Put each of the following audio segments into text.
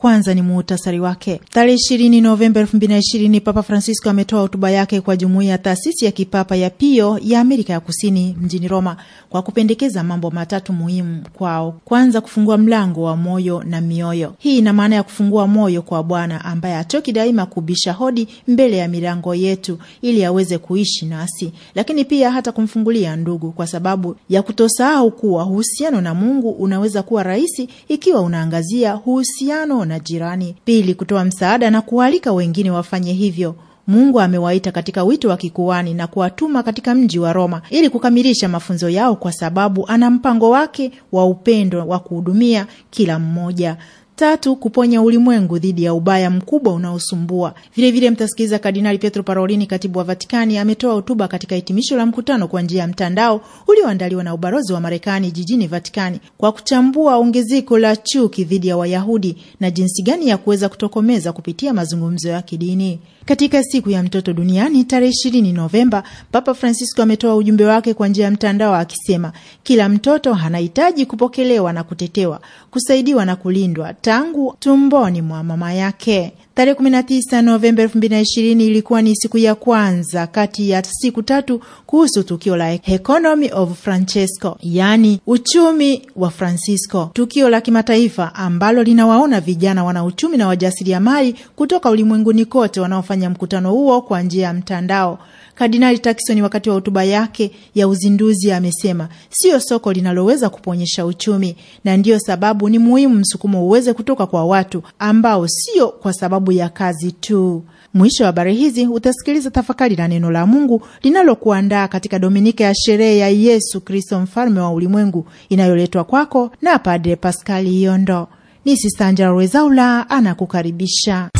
Kwanza ni muhutasari wake. Tarehe ishirini Novemba elfu mbili na ishirini Papa Francisco ametoa hotuba yake kwa jumuiya ya taasisi ya kipapa ya Pio ya Amerika ya Kusini mjini Roma kwa kupendekeza mambo matatu muhimu kwao. Kwanza, kufungua mlango wa moyo na mioyo. Hii ina maana ya kufungua moyo kwa Bwana ambaye atoki daima kubisha hodi mbele ya milango yetu ili aweze kuishi nasi, lakini pia hata kumfungulia ndugu, kwa sababu ya kutosahau kuwa uhusiano na Mungu unaweza kuwa rahisi ikiwa unaangazia uhusiano na jirani; pili, kutoa msaada na kuwalika wengine wafanye hivyo. Mungu amewaita katika wito wa kikuani na kuwatuma katika mji wa Roma ili kukamilisha mafunzo yao, kwa sababu ana mpango wake wa upendo wa kuhudumia kila mmoja. Tatu, kuponya ulimwengu dhidi ya ubaya mkubwa unaosumbua. Vilevile mtasikiliza Kardinali Pietro Parolini, katibu wa Vatikani, ametoa hotuba katika hitimisho la mkutano kwa njia ya mtandao ulioandaliwa na ubalozi wa Marekani jijini Vatikani kwa kuchambua ongezeko la chuki dhidi ya Wayahudi na jinsi gani ya kuweza kutokomeza kupitia mazungumzo ya kidini. Katika siku ya mtoto duniani tarehe ishirini Novemba, Papa Francisco ametoa ujumbe wake kwa njia ya mtandao akisema, kila mtoto anahitaji kupokelewa na kutetewa, kusaidiwa na kulindwa tangu tumboni mwa mama yake. Tarehe 19 Novemba 2020 ilikuwa ni siku ya kwanza kati ya siku tatu kuhusu tukio la Economy of Francesco, yaani uchumi wa Francisco, tukio la kimataifa ambalo linawaona vijana wanauchumi na wajasiriamali kutoka ulimwenguni kote wanaofanya mkutano huo kwa njia ya mtandao. Kardinali Takison wakati wa hotuba yake ya uzinduzi amesema siyo soko linaloweza kuponyesha uchumi, na ndiyo sababu ni muhimu msukumo uweze kutoka kwa watu ambao sio kwa sababu sababu ya kazi tu. Mwisho wa habari hizi utasikiliza tafakari la neno la Mungu linalokuandaa katika Dominika ya sherehe ya Yesu Kristo mfalme wa ulimwengu inayoletwa kwako na Padre Paskali Yondo. Ni Sista Angela Rwezaula anakukaribisha.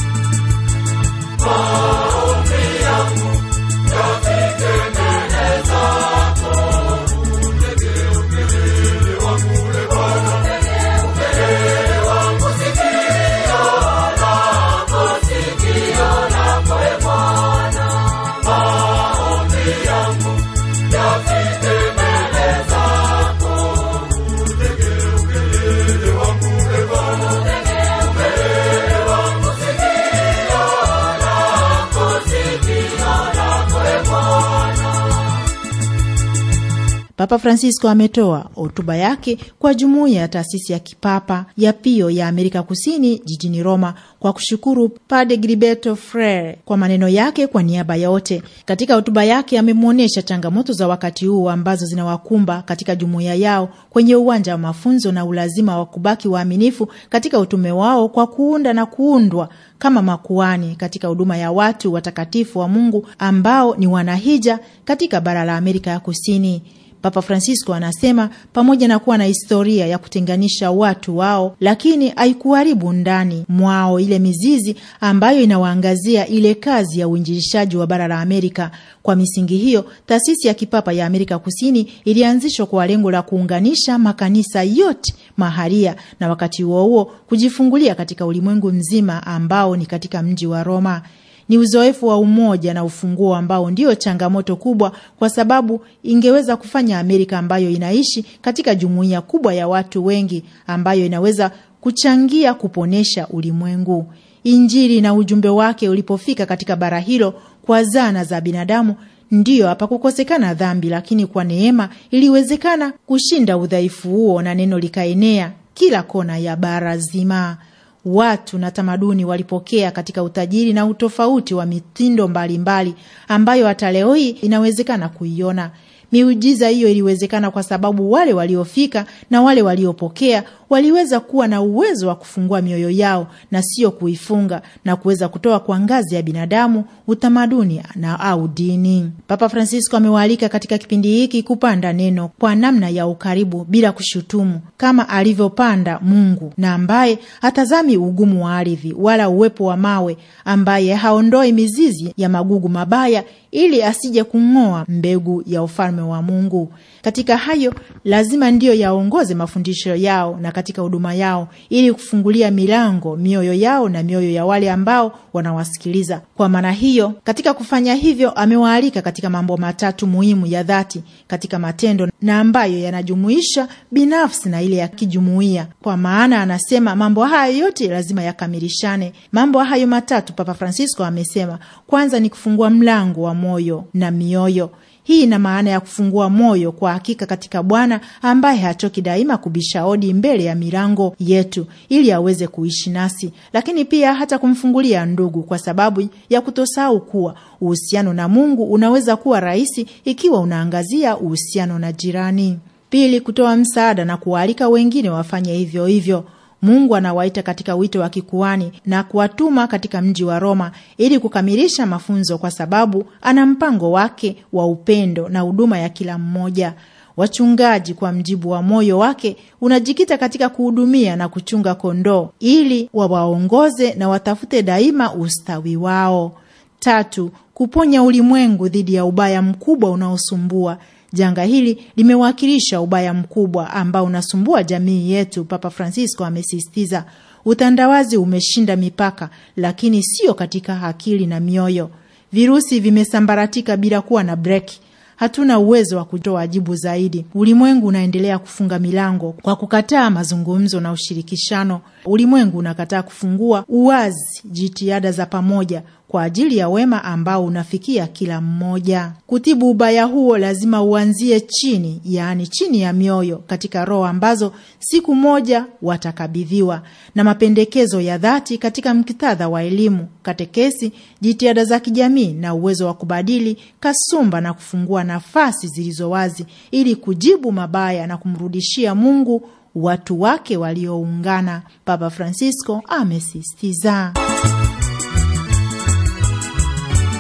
Papa Francisco ametoa hotuba yake kwa jumuiya ya taasisi ya kipapa ya Pio ya Amerika Kusini jijini Roma kwa kushukuru Padre Gilberto Frere kwa maneno yake kwa niaba ya wote. Katika hotuba yake amemwonyesha changamoto za wakati huu ambazo zinawakumba katika jumuiya yao kwenye uwanja wa mafunzo na ulazima wa kubaki waaminifu katika utume wao kwa kuunda na kuundwa kama makuani katika huduma ya watu watakatifu wa Mungu ambao ni wanahija katika bara la Amerika ya Kusini. Papa Francisco anasema pamoja na kuwa na historia ya kutenganisha watu wao, lakini haikuharibu ndani mwao ile mizizi ambayo inawaangazia ile kazi ya uinjilishaji wa bara la Amerika. Kwa misingi hiyo, taasisi ya kipapa ya Amerika Kusini ilianzishwa kwa lengo la kuunganisha makanisa yote maharia na wakati huo huo kujifungulia katika ulimwengu mzima ambao ni katika mji wa Roma. Ni uzoefu wa umoja na ufunguo ambao ndiyo changamoto kubwa, kwa sababu ingeweza kufanya Amerika ambayo inaishi katika jumuiya kubwa ya watu wengi ambayo inaweza kuchangia kuponesha ulimwengu. Injili na ujumbe wake ulipofika katika bara hilo kwa zana za binadamu, ndiyo hapakukosekana dhambi, lakini kwa neema iliwezekana kushinda udhaifu huo na neno likaenea kila kona ya bara zima watu na tamaduni walipokea katika utajiri na utofauti wa mitindo mbalimbali mbali, ambayo hata leo hii inawezekana kuiona. Miujiza hiyo iliwezekana kwa sababu wale waliofika na wale waliopokea waliweza kuwa na uwezo wa kufungua mioyo yao na sio kuifunga na kuweza kutoa kwa ngazi ya binadamu, utamaduni na au dini. Papa Francisco amewaalika katika kipindi hiki kupanda neno kwa namna ya ukaribu bila kushutumu, kama alivyopanda Mungu na ambaye hatazami ugumu wa ardhi wala uwepo wa mawe, ambaye haondoi mizizi ya magugu mabaya ili asije kung'oa mbegu ya ufalme ufalme wa Mungu. Katika hayo lazima ndiyo yaongoze mafundisho yao na katika huduma yao, ili kufungulia milango mioyo yao na mioyo ya wale ambao wanawasikiliza. Kwa maana hiyo, katika kufanya hivyo, amewaalika katika mambo matatu muhimu ya dhati katika matendo na ambayo yanajumuisha binafsi na ile ya kijumuiya, kwa maana anasema mambo hayo yote lazima yakamilishane. Mambo hayo matatu Papa Francisco amesema, kwanza ni kufungua mlango wa moyo na mioyo hii ina maana ya kufungua moyo kwa hakika katika Bwana ambaye hachoki daima kubisha hodi mbele ya milango yetu ili aweze kuishi nasi, lakini pia hata kumfungulia ndugu, kwa sababu ya kutosahau kuwa uhusiano na Mungu unaweza kuwa rahisi ikiwa unaangazia uhusiano na jirani. Pili, kutoa msaada na kuwaalika wengine wafanye hivyo hivyo. Mungu anawaita katika wito wa kikuani na kuwatuma katika mji wa Roma ili kukamilisha mafunzo, kwa sababu ana mpango wake wa upendo na huduma ya kila mmoja. Wachungaji kwa mjibu wa moyo wake unajikita katika kuhudumia na kuchunga kondoo ili wawaongoze na watafute daima ustawi wao. Tatu, kuponya ulimwengu dhidi ya ubaya mkubwa unaosumbua Janga hili limewakilisha ubaya mkubwa ambao unasumbua jamii yetu, Papa Francisco amesisitiza. Utandawazi umeshinda mipaka, lakini sio katika akili na mioyo. Virusi vimesambaratika bila kuwa na breki. Hatuna uwezo wa kutoa jibu zaidi. Ulimwengu unaendelea kufunga milango kwa kukataa mazungumzo na ushirikishano. Ulimwengu unakataa kufungua uwazi jitihada za pamoja kwa ajili ya wema ambao unafikia kila mmoja. Kutibu ubaya huo lazima uanzie chini, yaani chini ya mioyo, katika roho ambazo siku moja watakabidhiwa, na mapendekezo ya dhati katika mkitadha wa elimu, katekesi, jitihada za kijamii na uwezo wa kubadili kasumba na kufungua nafasi zilizo wazi ili kujibu mabaya na kumrudishia Mungu watu wake walioungana, Papa Francisco amesisitiza.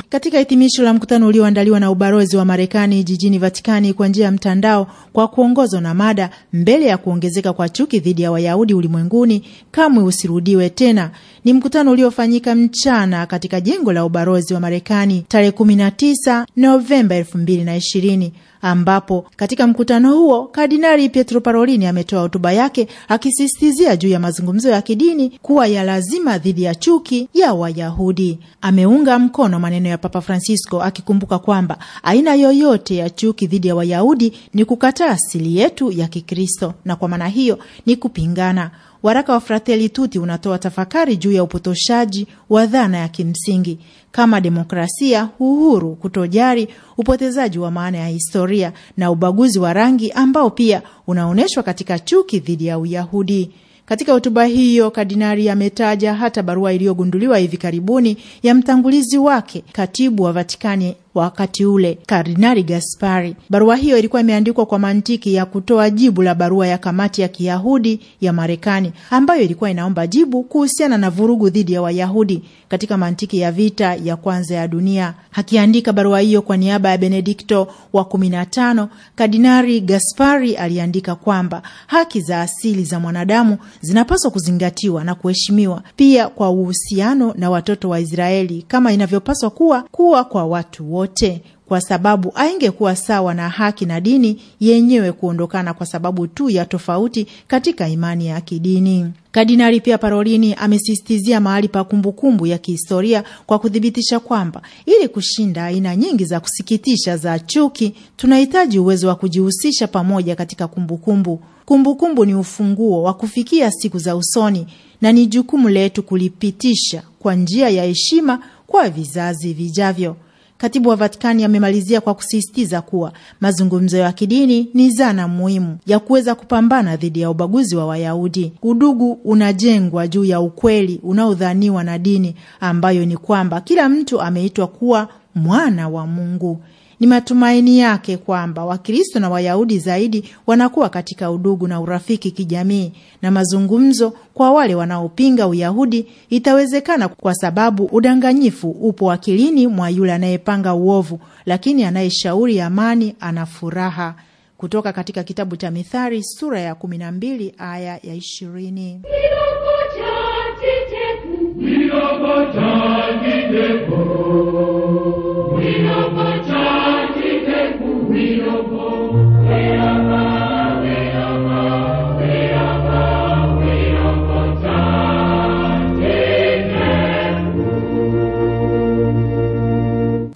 Katika hitimisho la mkutano ulioandaliwa na ubalozi wa Marekani jijini Vatikani kwa njia ya mtandao kwa kuongozwa na mada mbele ya kuongezeka kwa chuki dhidi ya Wayahudi ulimwenguni kamwe usirudiwe tena, ni mkutano uliofanyika mchana katika jengo la ubalozi wa Marekani tarehe 19 Novemba 2020 ambapo katika mkutano huo Kardinali Pietro Parolini ametoa hotuba yake akisisitizia juu ya mazungumzo ya kidini kuwa ya lazima dhidi ya chuki ya Wayahudi. Ameunga mkono maneno ya Papa Francisco akikumbuka kwamba aina yoyote ya chuki dhidi ya Wayahudi ni kukataa asili yetu ya Kikristo na kwa maana hiyo ni kupingana Waraka wa Fratelli Tutti unatoa tafakari juu ya upotoshaji wa dhana ya kimsingi kama demokrasia, uhuru, kutojari, upotezaji wa maana ya historia na ubaguzi wa rangi ambao pia unaonyeshwa katika chuki dhidi ya Uyahudi. Katika hotuba hiyo kardinali ametaja hata barua iliyogunduliwa hivi karibuni ya mtangulizi wake, katibu wa Vatikani wa wakati ule Kardinali Gaspari. Barua hiyo ilikuwa imeandikwa kwa mantiki ya kutoa jibu la barua ya kamati ya Kiyahudi ya Marekani ambayo ilikuwa inaomba jibu kuhusiana na vurugu dhidi ya Wayahudi katika mantiki ya vita ya kwanza ya dunia. Akiandika barua hiyo kwa niaba ya Benedikto wa kumi na tano, kardinari Gaspari aliandika kwamba haki za asili za mwanadamu zinapaswa kuzingatiwa na kuheshimiwa pia kwa uhusiano na watoto wa Israeli kama inavyopaswa kuwa kuwa kwa watu wote wote, kwa sababu aingekuwa sawa na haki na dini yenyewe kuondokana kwa sababu tu ya tofauti katika imani ya kidini. Kardinali Pia Parolini amesisitizia mahali pa kumbukumbu ya kihistoria kwa kuthibitisha kwamba ili kushinda aina nyingi za kusikitisha za chuki, tunahitaji uwezo wa kujihusisha pamoja katika kumbukumbu. Kumbukumbu ni ufunguo wa kufikia siku za usoni na ni jukumu letu kulipitisha kwa njia ya heshima kwa vizazi vijavyo. Katibu wa Vatikani amemalizia kwa kusisitiza kuwa mazungumzo ya kidini ni zana muhimu ya kuweza kupambana dhidi ya ubaguzi wa Wayahudi. Udugu unajengwa juu ya ukweli unaodhaniwa na dini, ambayo ni kwamba kila mtu ameitwa kuwa mwana wa Mungu. Ni matumaini yake kwamba Wakristo na Wayahudi zaidi wanakuwa katika udugu na urafiki kijamii, na mazungumzo kwa wale wanaopinga Uyahudi itawezekana, kwa sababu udanganyifu upo akilini mwa yule anayepanga uovu, lakini anayeshauri amani ana furaha. Kutoka katika kitabu cha Mithali sura ya 12 aya ya 20.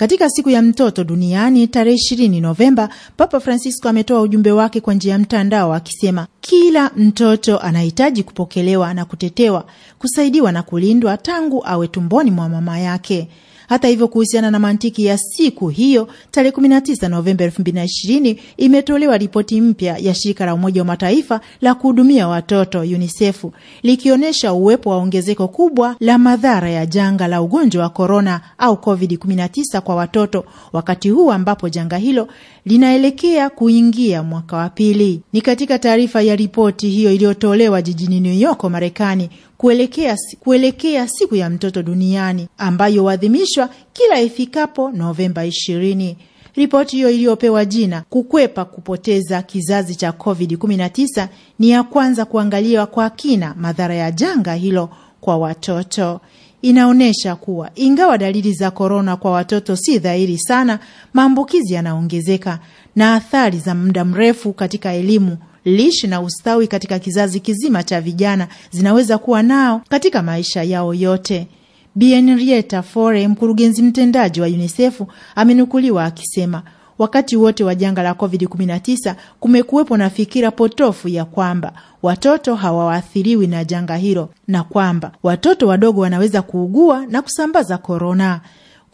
Katika siku ya mtoto duniani tarehe ishirini Novemba, Papa Francisco ametoa ujumbe wake kwa njia ya mtandao akisema, kila mtoto anahitaji kupokelewa na kutetewa, kusaidiwa na kulindwa tangu awe tumboni mwa mama yake. Hata hivyo, kuhusiana na mantiki ya siku hiyo, tarehe 19 Novemba 2020 imetolewa ripoti mpya ya shirika la Umoja wa Mataifa la kuhudumia watoto UNICEF likionyesha uwepo wa ongezeko kubwa la madhara ya janga la ugonjwa wa korona au COVID-19 kwa watoto wakati huu ambapo janga hilo linaelekea kuingia mwaka wa pili. Ni katika taarifa ya ripoti hiyo iliyotolewa jijini New York, Marekani kuelekea, kuelekea siku ya mtoto duniani ambayo huadhimishwa kila ifikapo Novemba ishirini. Ripoti hiyo iliyopewa jina kukwepa kupoteza kizazi cha COVID-19 ni ya kwanza kuangaliwa kwa kina madhara ya janga hilo kwa watoto. Inaonyesha kuwa ingawa dalili za korona kwa watoto si dhahiri sana, maambukizi yanaongezeka na athari za muda mrefu katika elimu lishe na ustawi katika kizazi kizima cha vijana zinaweza kuwa nao katika maisha yao yote. Bi Henrietta Fore, mkurugenzi mtendaji wa UNICEF, amenukuliwa akisema wakati wote wa janga la COVID-19 kumekuwepo na fikira potofu ya kwamba watoto hawaathiriwi na janga hilo na kwamba watoto wadogo wanaweza kuugua na kusambaza korona.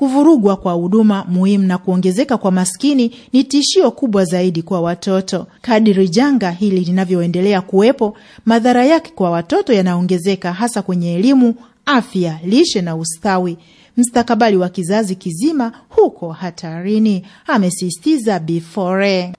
Kuvurugwa kwa huduma muhimu na kuongezeka kwa maskini ni tishio kubwa zaidi kwa watoto. Kadiri janga hili linavyoendelea kuwepo, madhara yake kwa watoto yanaongezeka, hasa kwenye elimu, afya, lishe na ustawi. Mstakabali wa kizazi kizima huko hatarini, amesisitiza Bifore.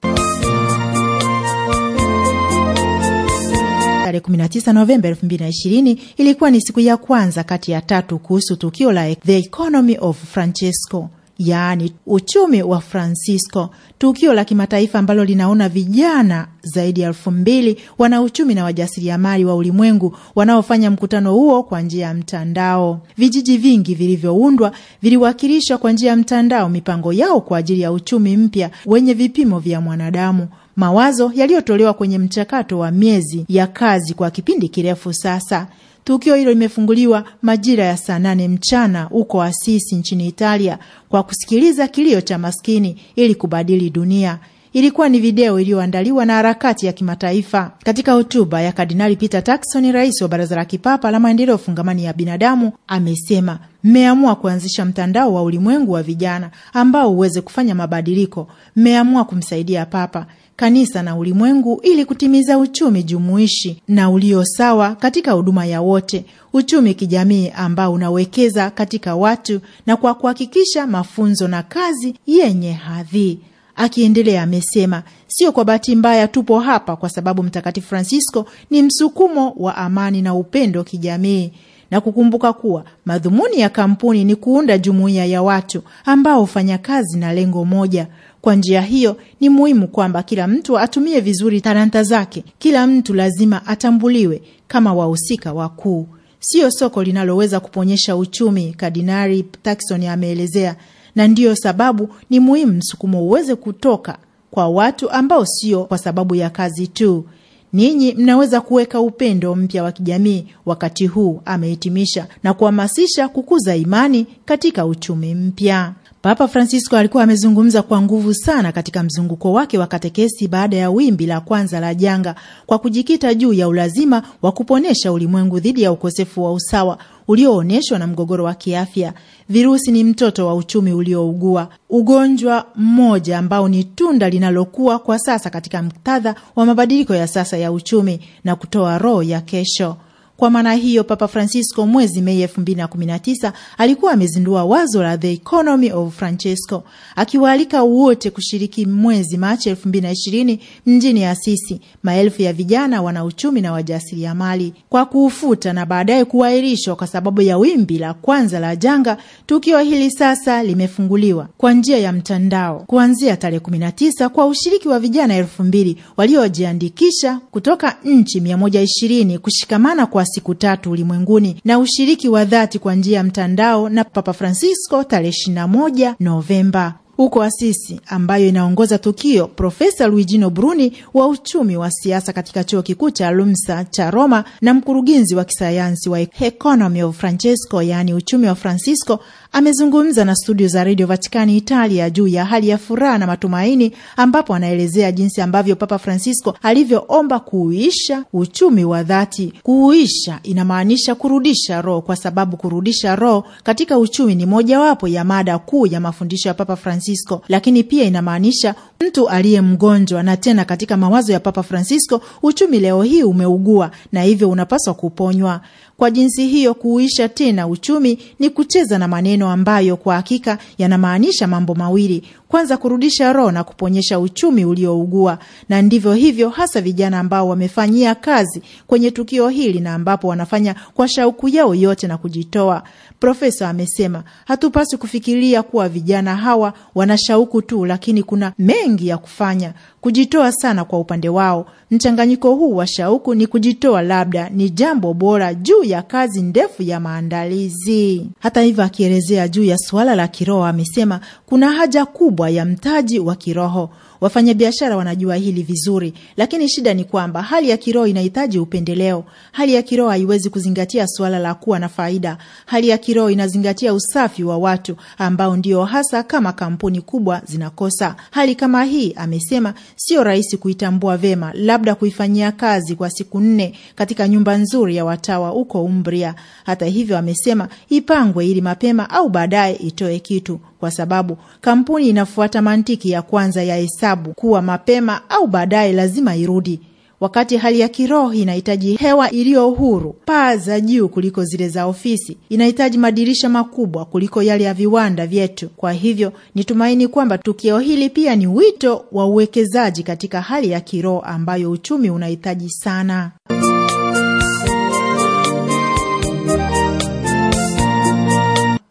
tarehe 19 Novemba 2020 ilikuwa ni siku ya kwanza kati ya tatu kuhusu tukio la The Economy of Francesco, yaani uchumi wa Francisco, tukio la kimataifa ambalo linaona vijana zaidi ya elfu mbili uchumi na wajasiriamali wa ulimwengu wanaofanya mkutano huo kwa njia ya mtandao. Vijiji vingi vilivyoundwa viliwakilishwa kwa njia ya mtandao mipango yao kwa ajili ya uchumi mpya wenye vipimo vya mwanadamu mawazo yaliyotolewa kwenye mchakato wa miezi ya kazi kwa kipindi kirefu sasa. Tukio hilo limefunguliwa majira ya saa nane mchana huko Asisi nchini Italia kwa kusikiliza kilio cha maskini ili kubadili dunia. Ilikuwa ni video iliyoandaliwa na harakati ya kimataifa. Katika hotuba ya Kardinali Peter Turkson, rais wa Baraza la Kipapa la Maendeleo Fungamani ya Binadamu, amesema mmeamua kuanzisha mtandao wa ulimwengu wa vijana ambao uweze kufanya mabadiliko. Mmeamua kumsaidia Papa kanisa na ulimwengu ili kutimiza uchumi jumuishi na ulio sawa katika huduma ya wote, uchumi kijamii ambao unawekeza katika watu na kwa kuhakikisha mafunzo na kazi yenye hadhi. Akiendelea amesema sio kwa bahati mbaya tupo hapa kwa sababu Mtakatifu Francisco ni msukumo wa amani na upendo kijamii na kukumbuka kuwa madhumuni ya kampuni ni kuunda jumuiya ya watu ambao hufanya kazi na lengo moja, kwa njia hiyo, ni muhimu kwamba kila mtu atumie vizuri talanta zake. Kila mtu lazima atambuliwe kama wahusika wakuu. Siyo soko linaloweza kuponyesha uchumi, kardinari takson ameelezea, na ndiyo sababu ni muhimu msukumo uweze kutoka kwa watu ambao sio kwa sababu ya kazi tu. Ninyi mnaweza kuweka upendo mpya wa kijamii wakati huu, amehitimisha na kuhamasisha kukuza imani katika uchumi mpya. Papa Francisco alikuwa amezungumza kwa nguvu sana katika mzunguko wake wa katekesi baada ya wimbi la kwanza la janga, kwa kujikita juu ya ulazima wa kuponesha ulimwengu dhidi ya ukosefu wa usawa ulioonyeshwa na mgogoro wa kiafya. Virusi ni mtoto wa uchumi uliougua, ugonjwa mmoja ambao ni tunda linalokuwa kwa sasa katika muktadha wa mabadiliko ya sasa ya uchumi na kutoa roho ya kesho. Kwa maana hiyo, Papa Francisco mwezi Mei 2019 alikuwa amezindua wazo la The Economy of Francesco, akiwaalika wote kushiriki mwezi Machi 2020 mjini Asisi maelfu ya vijana, wanauchumi na wajasiriamali, kwa kuufuta na baadaye kuahirishwa kwa sababu ya wimbi la kwanza la janga. Tukio hili sasa limefunguliwa kwa njia ya mtandao kuanzia tarehe 19 kwa ushiriki wa vijana elfu mbili waliojiandikisha kutoka nchi 120 kushikamana kwa siku tatu ulimwenguni na ushiriki wa dhati kwa njia ya mtandao na Papa Francisco tarehe 21 Novemba huko Asisi ambayo inaongoza tukio. Profesa Luigino Bruni wa uchumi wa siasa katika chuo kikuu cha Lumsa cha Roma na mkurugenzi wa kisayansi wa Economy of Francesco, yaani uchumi wa Francisco, amezungumza na studio za redio Vatikani Italia juu ya hali ya furaha na matumaini, ambapo anaelezea jinsi ambavyo Papa Francisco alivyoomba kuuisha uchumi wa dhati. Kuuisha inamaanisha kurudisha roho, kwa sababu kurudisha roho katika uchumi ni mojawapo ya mada kuu ya mafundisho ya Papa Francisco, lakini pia inamaanisha mtu aliye mgonjwa. Na tena katika mawazo ya Papa Francisco, uchumi leo hii umeugua na hivyo unapaswa kuponywa. Kwa jinsi hiyo, kuuisha tena uchumi ni kucheza na maneno ambayo kwa hakika yanamaanisha mambo mawili: kwanza kurudisha roho na kuponyesha uchumi uliougua, na ndivyo hivyo hasa vijana ambao wamefanyia kazi kwenye tukio hili na ambapo wanafanya kwa shauku yao yote na kujitoa. Profesa amesema hatupaswi kufikiria kuwa vijana hawa wana shauku tu, lakini kuna mengi ya kufanya, kujitoa sana kwa upande wao. Mchanganyiko huu wa shauku ni kujitoa, labda ni jambo bora juu ya kazi ndefu ya maandalizi. Hata hivyo, akielezea juu ya suala la kiroho amesema kuna haja kubwa makubwa ya mtaji wa kiroho Wafanyabiashara wanajua hili vizuri, lakini shida ni kwamba hali ya kiroho inahitaji upendeleo. Hali ya kiroho haiwezi kuzingatia suala la kuwa na faida. Hali ya kiroho inazingatia usafi wa watu, ambao ndio hasa kama kampuni kubwa zinakosa. Hali kama hii, amesema, sio rahisi kuitambua vema, labda kuifanyia kazi kwa siku nne katika nyumba nzuri ya watawa huko Umbria. Hata hivyo, amesema ipangwe ili mapema au baadaye itoe kitu, kwa sababu kampuni inafuata mantiki ya kwanza ya hesabu hesabu kuwa mapema au baadaye lazima irudi. Wakati hali ya kiroho inahitaji hewa iliyo huru, paa za juu kuliko zile za ofisi, inahitaji madirisha makubwa kuliko yale ya viwanda vyetu. Kwa hivyo ni tumaini kwamba tukio hili pia ni wito wa uwekezaji katika hali ya kiroho ambayo uchumi unahitaji sana.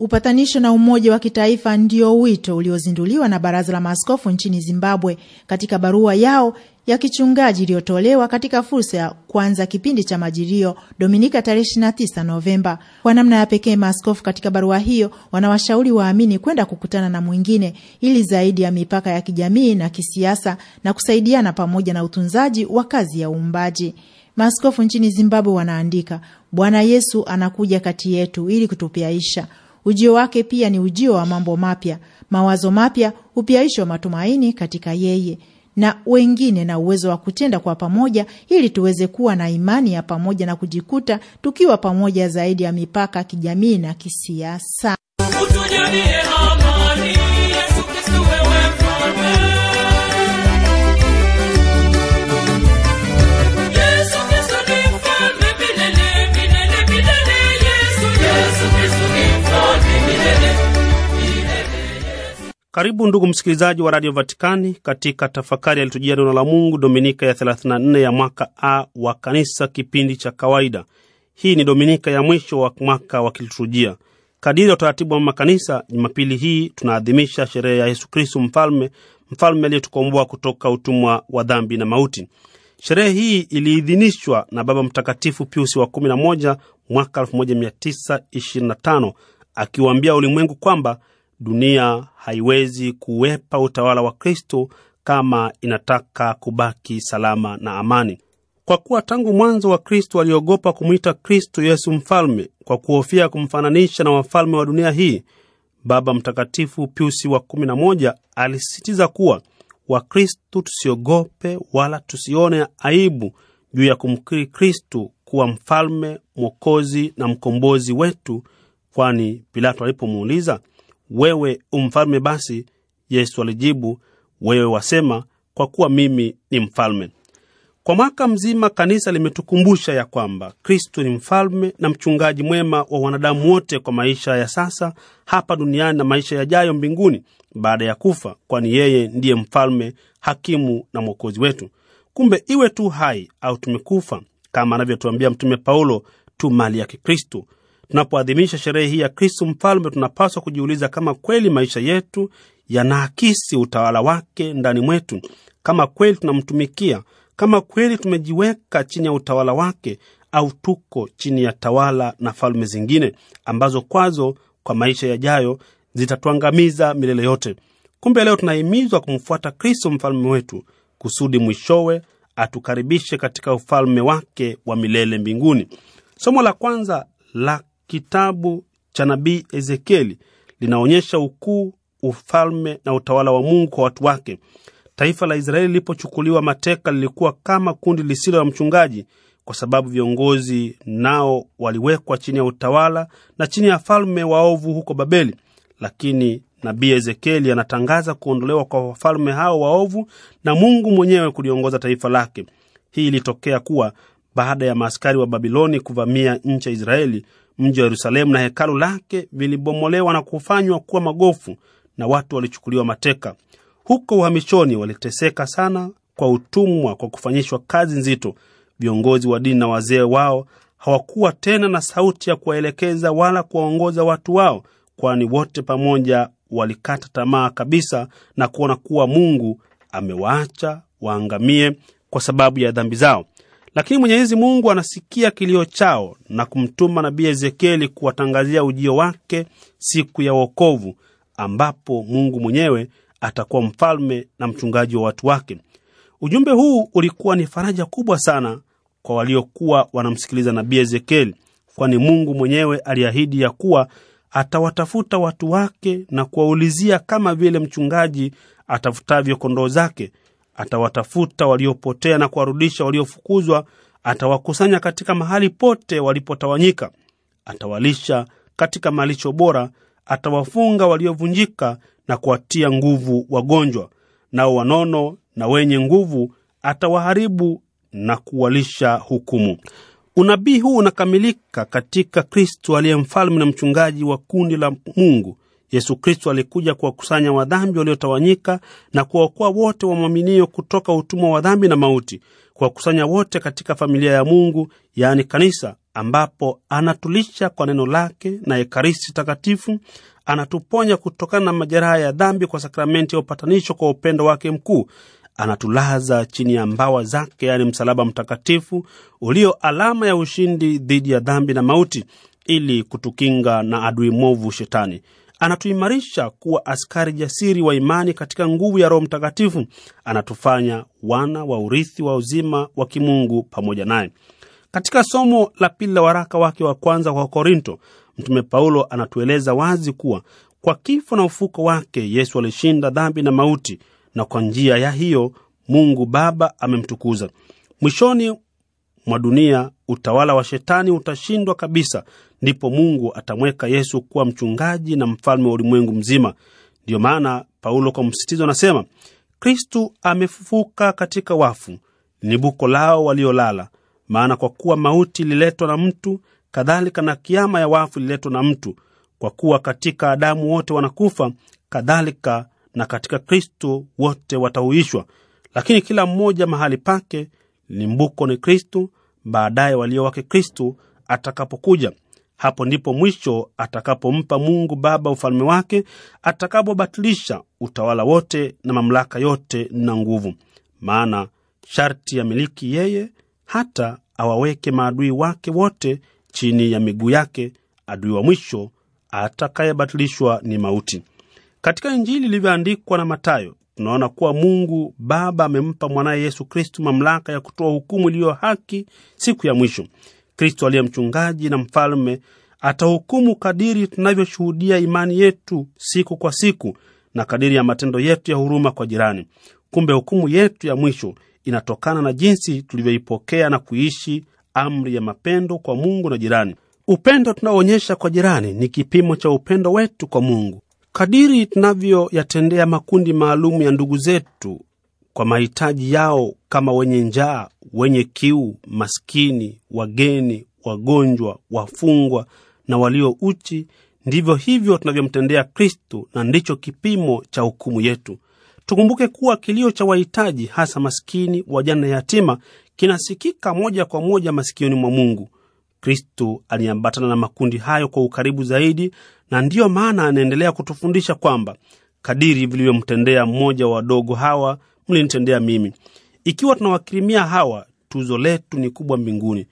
Upatanisho na umoja wa kitaifa ndio wito uliozinduliwa na Baraza la Maaskofu nchini Zimbabwe katika barua yao ya kichungaji iliyotolewa katika fursa ya kwanza kipindi cha majilio Dominika tarehe 29 Novemba. Kwa namna ya pekee, maaskofu katika barua hiyo wanawashauri waamini kwenda kukutana na mwingine ili zaidi ya mipaka ya kijamii na kisiasa na kusaidiana pamoja na utunzaji wa kazi ya uumbaji. Maaskofu nchini Zimbabwe wanaandika, Bwana Yesu anakuja kati yetu ili kutupiaisha Ujio wake pia ni ujio wa mambo mapya, mawazo mapya, upyaisho wa matumaini katika yeye na wengine na uwezo wa kutenda kwa pamoja, ili tuweze kuwa na imani ya pamoja na kujikuta tukiwa pamoja zaidi ya mipaka kijamii na kisiasa. Karibu ndugu msikilizaji wa Radio Vatikani katika tafakari yalitujia neno la Mungu, dominika ya 34 ya mwaka A wa Kanisa, kipindi cha kawaida. Hii ni dominika ya mwisho wa mwaka wa kiliturujia. Kadiri ya utaratibu wa makanisa, Jumapili hii tunaadhimisha sherehe ya Yesu Kristu Mfalme, mfalme aliyetukomboa kutoka utumwa wa dhambi na mauti. Sherehe hii iliidhinishwa na Baba Mtakatifu Piusi wa 11 mwaka 1925 akiwaambia ulimwengu kwamba Dunia haiwezi kuwepa utawala wa Kristo kama inataka kubaki salama na amani, kwa kuwa tangu mwanzo wa Kristo waliogopa kumwita Kristo Yesu mfalme kwa kuhofia kumfananisha na wafalme wa dunia hii. Baba Mtakatifu Piusi wa 11 alisisitiza kuwa Wakristo tusiogope wala tusione aibu juu ya kumkiri Kristo kuwa mfalme, mwokozi na mkombozi wetu, kwani Pilato alipomuuliza wewe umfalme basi? Yesu alijibu, wewe wasema, kwa kuwa mimi ni mfalme. Kwa mwaka mzima kanisa limetukumbusha ya kwamba Kristu ni mfalme na mchungaji mwema wa wanadamu wote kwa maisha ya sasa hapa duniani na maisha yajayo mbinguni baada ya kufa, kwani yeye ndiye mfalme, hakimu na mwokozi wetu. Kumbe iwe tu hai au tumekufa, kama anavyotuambia Mtume Paulo, tu mali ya Kikristu. Tunapoadhimisha sherehe hii ya Kristu Mfalme, tunapaswa kujiuliza kama kweli maisha yetu yanaakisi utawala wake ndani mwetu, kama kweli tunamtumikia, kama kweli tumejiweka chini ya utawala wake, au tuko chini ya tawala na falme zingine ambazo kwazo kwa maisha yajayo zitatuangamiza milele yote. Kumbe leo tunahimizwa kumfuata Kristo mfalme wetu kusudi mwishowe atukaribishe katika ufalme wake wa milele mbinguni. Somo la kwanza la kitabu cha nabii Ezekieli linaonyesha ukuu, ufalme na utawala wa Mungu kwa watu wake. Taifa la Israeli lilipochukuliwa mateka lilikuwa kama kundi lisilo la mchungaji, kwa sababu viongozi nao waliwekwa chini ya utawala na chini ya falme waovu huko Babeli. Lakini nabii Ezekieli anatangaza kuondolewa kwa wafalme hao waovu na Mungu mwenyewe kuliongoza taifa lake. Hii ilitokea kuwa baada ya maaskari wa Babiloni kuvamia nchi ya Israeli, mji wa Yerusalemu na hekalu lake vilibomolewa na kufanywa kuwa magofu na watu walichukuliwa mateka. Huko uhamishoni waliteseka sana kwa utumwa, kwa kufanyishwa kazi nzito. Viongozi wa dini na wazee wao hawakuwa tena na sauti ya kuwaelekeza wala kuwaongoza watu wao, kwani wote pamoja walikata tamaa kabisa na kuona kuwa Mungu amewaacha waangamie kwa sababu ya dhambi zao. Lakini Mwenyezi Mungu anasikia kilio chao na kumtuma nabii Ezekieli kuwatangazia ujio wake siku ya wokovu, ambapo Mungu mwenyewe atakuwa mfalme na mchungaji wa watu wake. Ujumbe huu ulikuwa ni faraja kubwa sana kwa waliokuwa wanamsikiliza nabii Ezekieli, kwani Mungu mwenyewe aliahidi ya kuwa atawatafuta watu wake na kuwaulizia kama vile mchungaji atafutavyo kondoo zake, atawatafuta waliopotea na kuwarudisha waliofukuzwa, atawakusanya katika mahali pote walipotawanyika, atawalisha katika malisho bora, atawafunga waliovunjika na kuwatia nguvu wagonjwa, nao wanono na wenye nguvu atawaharibu na kuwalisha hukumu. Unabii huu unakamilika katika kristu aliye mfalme na mchungaji wa kundi la Mungu Yesu Kristo alikuja kuwakusanya wadhambi waliotawanyika na kuwaokoa wote wamwaminio kutoka utumwa wa dhambi na mauti, kuwakusanya wote katika familia ya Mungu, yaani kanisa, ambapo anatulisha kwa neno lake na Ekaristi Takatifu, anatuponya kutokana na majeraha ya dhambi kwa sakramenti ya upatanisho kwa upendo wake mkuu anatulaza chini ya mbawa zake, yaani msalaba mtakatifu ulio alama ya ushindi dhidi ya dhambi na mauti, ili kutukinga na adui mwovu Shetani anatuimarisha kuwa askari jasiri wa imani katika nguvu ya Roho Mtakatifu, anatufanya wana wa urithi wa uzima wa kimungu pamoja naye. Katika somo la pili la waraka wake wa kwanza kwa Korinto, Mtume Paulo anatueleza wazi kuwa kwa kifo na ufuko wake Yesu alishinda dhambi na mauti, na kwa njia ya hiyo Mungu Baba amemtukuza. Mwishoni mwa dunia utawala wa shetani utashindwa kabisa, ndipo Mungu atamweka Yesu kuwa mchungaji na mfalme wa ulimwengu mzima. Ndiyo maana Paulo kwa msisitizo anasema Kristu amefufuka katika wafu, ni buko lao waliolala. Maana kwa kuwa mauti ililetwa na mtu, kadhalika na kiama ya wafu ililetwa na mtu. Kwa kuwa katika Adamu wote wanakufa, kadhalika na katika Kristo wote watahuishwa. Lakini kila mmoja mahali pake, Limbuko ni Kristu, baadaye walio wake Kristu atakapokuja. Hapo ndipo mwisho atakapompa Mungu Baba ufalme wake, atakapobatilisha utawala wote na mamlaka yote na nguvu. Maana sharti ya miliki yeye, hata awaweke maadui wake wote chini ya miguu yake. Adui wa mwisho atakayebatilishwa ni mauti. Katika Injili ilivyoandikwa na Matayo, tunaona kuwa Mungu Baba amempa mwanaye Yesu Kristu mamlaka ya kutoa hukumu iliyo haki siku ya mwisho. kristu aliye mchungaji na mfalme atahukumu kadiri tunavyoshuhudia imani yetu siku kwa siku na kadiri ya matendo yetu ya huruma kwa jirani. Kumbe hukumu yetu ya mwisho inatokana na jinsi tulivyoipokea na kuishi amri ya mapendo kwa Mungu na jirani. Upendo tunaoonyesha kwa jirani ni kipimo cha upendo wetu kwa Mungu. Kadiri tunavyoyatendea makundi maalum ya ndugu zetu kwa mahitaji yao kama wenye njaa, wenye kiu, maskini, wageni, wagonjwa, wafungwa na walio uchi, ndivyo hivyo tunavyomtendea Kristo, na ndicho kipimo cha hukumu yetu. Tukumbuke kuwa kilio cha wahitaji, hasa maskini, wajana yatima, kinasikika moja kwa moja masikioni mwa Mungu. Kristu aliambatana na makundi hayo kwa ukaribu zaidi, na ndiyo maana anaendelea kutufundisha kwamba kadiri vilivyomtendea mmoja wa wadogo hawa, mlinitendea mimi. Ikiwa tunawakirimia hawa, tuzo letu ni kubwa mbinguni.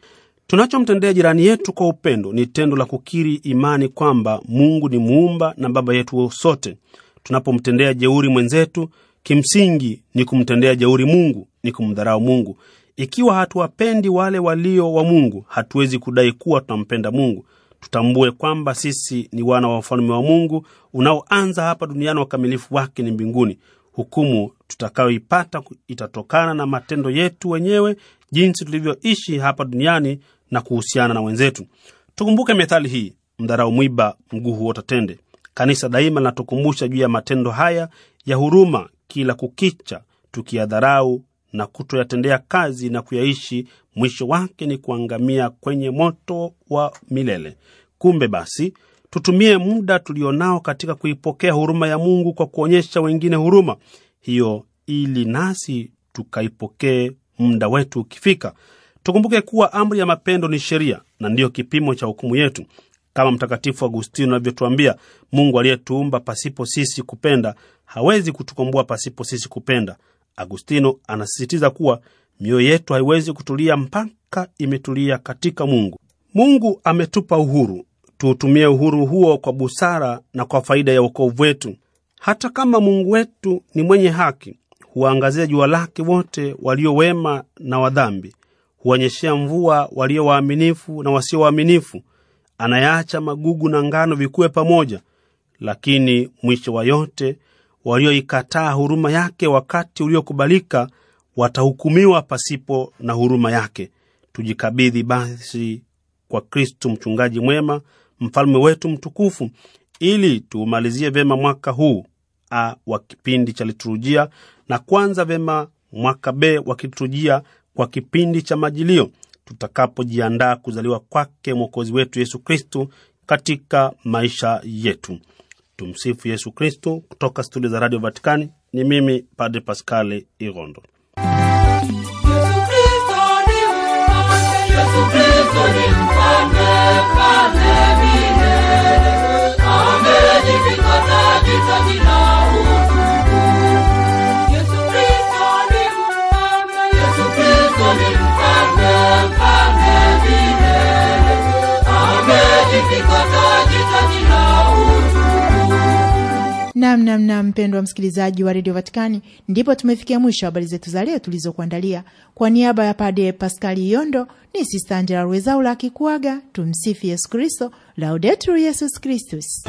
Tunachomtendea jirani yetu kwa upendo ni tendo la kukiri imani kwamba Mungu ni muumba na baba yetu sote. Tunapomtendea jeuri mwenzetu, kimsingi ni kumtendea jeuri Mungu, ni kumdharau Mungu. Ikiwa hatuwapendi wale walio wa Mungu, hatuwezi kudai kuwa tunampenda Mungu. Tutambue kwamba sisi ni wana wa ufalme wa Mungu unaoanza hapa duniani, wakamilifu wake ni mbinguni. Hukumu tutakayoipata itatokana na matendo yetu wenyewe, jinsi tulivyoishi hapa duniani na kuhusiana na wenzetu. Tukumbuke methali hii, mdharau mwiba mguu huota tende. Kanisa daima linatukumbusha juu ya matendo haya ya huruma kila kukicha, tukiyadharau na kutoyatendea kazi na kuyaishi, mwisho wake ni kuangamia kwenye moto wa milele. Kumbe basi tutumie muda tulionao katika kuipokea huruma ya Mungu kwa kuonyesha wengine huruma hiyo, ili nasi tukaipokee muda wetu ukifika. Tukumbuke kuwa amri ya mapendo ni sheria na ndiyo kipimo cha hukumu yetu. Kama Mtakatifu Agustino anavyotuambia, Mungu aliyetuumba pasipo sisi kupenda hawezi kutukomboa pasipo sisi kupenda. Agustino anasisitiza kuwa mioyo yetu haiwezi kutulia mpaka imetulia katika Mungu. Mungu ametupa uhuru, tuutumie uhuru huo kwa busara na kwa faida ya wokovu wetu. Hata kama Mungu wetu ni mwenye haki, huwaangazia jua lake wote walio wema na wadhambi, huonyeshea mvua walio waaminifu na wasio waaminifu, anayeacha magugu na ngano vikuwe pamoja, lakini mwisho wa yote walioikataa huruma yake wakati uliokubalika watahukumiwa pasipo na huruma yake. Tujikabidhi basi kwa Kristu, mchungaji mwema, mfalme wetu mtukufu, ili tuumalizie vyema mwaka huu a wa kipindi cha liturujia na kwanza vyema mwaka b wa kiliturujia kwa kipindi cha majilio, tutakapojiandaa kuzaliwa kwake mwokozi wetu Yesu Kristu katika maisha yetu. Tumsifu Yesu Kristo. Kutoka studio za Radio Vatikani ni mimi Padre pascali Irondo. Yesu Kristo ni Yesu Kristo ni Namnamna mpendwa msikilizaji wa redio Vatikani, ndipo tumefikia mwisho habari zetu za leo tulizokuandalia. Kwa niaba ya Pade Paskali Yondo ni Sista Angela Rwezaula akikuaga. Tumsifu Yesu Kristo, Laudetur Yesus Kristus.